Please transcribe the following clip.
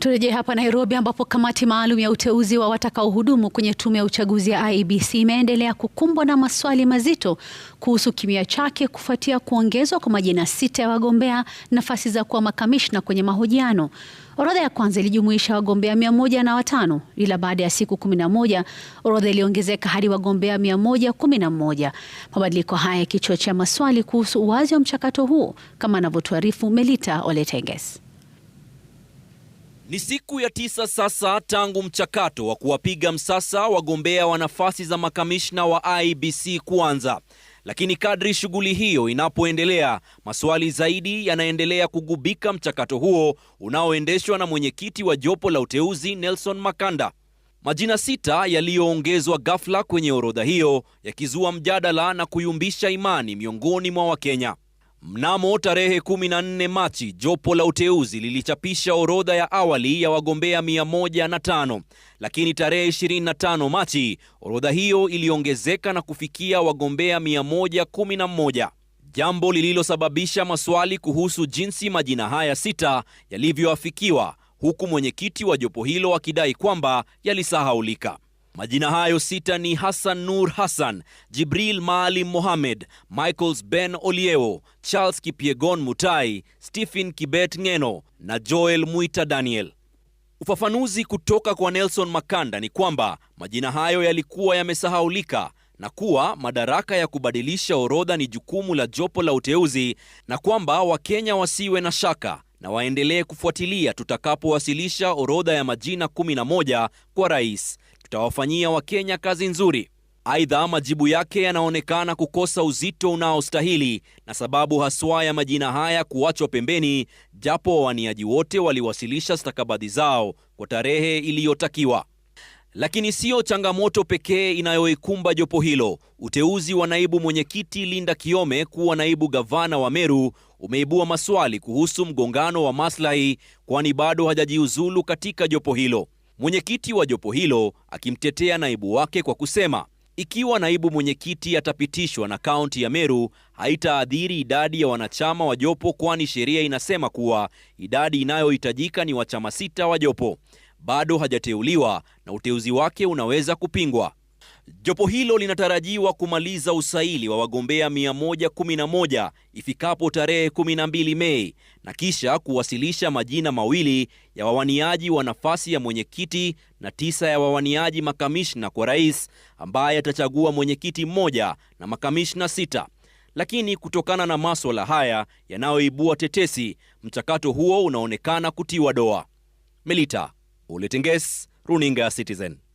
Turejee hapa Nairobi ambapo kamati maalum ya uteuzi wa watakaohudumu kwenye tume ya uchaguzi ya IEBC imeendelea kukumbwa na maswali mazito kuhusu kimya chake kufuatia kuongezwa kwa majina sita ya wagombea nafasi za kuwa makamishna kwenye mahojiano. Orodha ya kwanza ilijumuisha wagombea mia moja na watano ila baada ya siku kumi na moja orodha iliongezeka hadi wagombea mia moja kumi na moja. Mabadiliko haya yakichochea maswali kuhusu uwazi wa mchakato huo, kama anavyotuarifu Melita Oletenges. Ni siku ya tisa sasa tangu mchakato wa kuwapiga msasa wagombea wa nafasi za makamishna wa IEBC kuanza, lakini kadri shughuli hiyo inapoendelea, maswali zaidi yanaendelea kugubika mchakato huo unaoendeshwa na mwenyekiti wa jopo la uteuzi Nelson Makanda. Majina sita yaliyoongezwa ghafla kwenye orodha hiyo yakizua mjadala na kuyumbisha imani miongoni mwa Wakenya. Mnamo tarehe 14 Machi, jopo la uteuzi lilichapisha orodha ya awali ya wagombea 105, lakini tarehe 25 Machi orodha hiyo iliongezeka na kufikia wagombea 111, jambo lililosababisha maswali kuhusu jinsi majina haya sita yalivyoafikiwa, huku mwenyekiti wa jopo hilo akidai kwamba yalisahaulika. Majina hayo sita ni Hassan Nur Hassan, Jibril Maalim Mohamed, Michaels Ben Olieo, Charles Kipiegon Mutai, Stephen Kibet Ngeno na Joel Mwita Daniel. Ufafanuzi kutoka kwa Nelson Makanda ni kwamba majina hayo yalikuwa yamesahaulika na kuwa madaraka ya kubadilisha orodha ni jukumu la jopo la uteuzi na kwamba Wakenya wasiwe na shaka na waendelee kufuatilia tutakapowasilisha orodha ya majina 11 kwa rais kitawafanyia Wakenya kazi nzuri. Aidha, majibu yake yanaonekana kukosa uzito unaostahili na sababu haswa ya majina haya kuachwa pembeni, japo wawaniaji wote waliwasilisha stakabadhi zao kwa tarehe iliyotakiwa. Lakini siyo changamoto pekee inayoikumba jopo hilo. Uteuzi wa naibu mwenyekiti Linda Kiome kuwa naibu gavana wa Meru umeibua maswali kuhusu mgongano wa maslahi, kwani bado hajajiuzulu katika jopo hilo mwenyekiti wa jopo hilo akimtetea naibu wake kwa kusema ikiwa naibu mwenyekiti atapitishwa na kaunti ya Meru haitaadhiri idadi ya wanachama wa jopo, kwani sheria inasema kuwa idadi inayohitajika ni wachama sita wa jopo. Bado hajateuliwa na uteuzi wake unaweza kupingwa. Jopo hilo linatarajiwa kumaliza usaili wa wagombea 111 ifikapo tarehe 12 Mei na kisha kuwasilisha majina mawili ya wawaniaji wa nafasi ya mwenyekiti na tisa ya wawaniaji makamishna kwa rais, ambaye atachagua mwenyekiti mmoja na makamishna sita. Lakini kutokana na maswala haya yanayoibua tetesi, mchakato huo unaonekana kutiwa doa. Melita Oletenges, runinga Citizen.